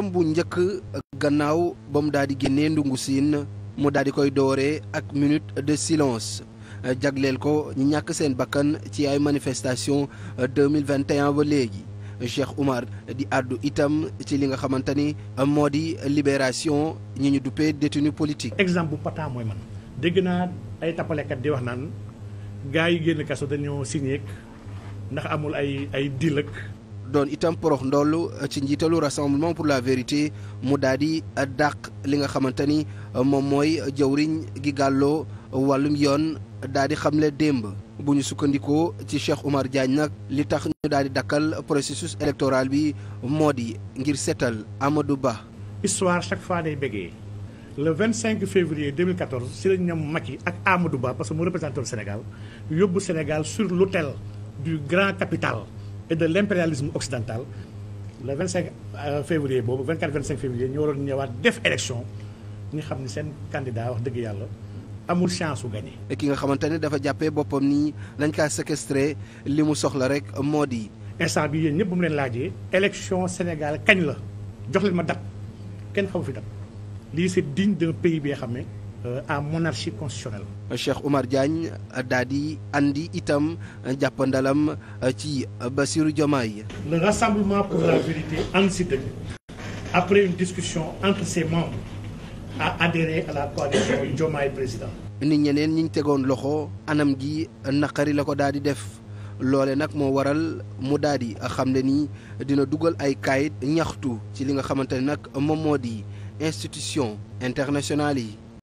am bu njëkk gannaaw ba mu daal di génnee ndungu siin mu daal di koy dooree ak minute de silence jagleel ko ñu ñàkk seen bakkan ci ay manifestation 2021 ba léegi Cheikh Oumar di àddu itam ci li nga xamante ni moo di libération ñi ñu duppee détenu politique. exemple bu pata mooy man dégg naa ay tappalekat di wax naan gars yi génn kaso dañoo signé ndax amul ay ay dilëk doon itam porox ndoll eh, ci njiitalu rassemblement pour la vérité mu daal di eh, dàq li nga xamante ni eh, moom mooy jëwriñ gi gàlloo wàllum yoon daal di xamle démb bu ñu sukkandikoo ci Cheikh Oumar Diagne nag li tax ñu daal di dakkal processus électoral bi moo di ngir seetal Amadou Ba. histoire chaque fois day bégee le 25 février 2014 si la ñam yi ak Amadou Ba parce que mu représenté Sénégal yóbbu Sénégal sur l'autel du grand capital. et de l'impérialisme occidental le 25 euh, février boobu 24 25 février ñu waroon ñëwaat def élection ñu xam ni seen candidat wax dëgg yàlla amul chance su gagné. ki nga xamante ne dafa jàppee boppam nii dañ kaa séquestré li mu soxla rek moo di. instant bi yéen ñëpp mu leen laajee. élection Sénégal kañ la jox leen ma date kenn xamu fi date lii c'est digne d'un pays bi nga xam ne Euh, à monarchie constitutionnelle. Cheikh Oumar Diagne andi itam jàppandalam euh, ci euh, Bassirou Diomaye. le rassemblement pour la vérité ànd si ñeneen ñi tegoon loxo anam gi naqari la ko daal di def loole nag moo waral mu daal di xam ne nii dina dugal ay kayit ñaxtu ci li nga xamante ne nag moom moo di institution internationale yi.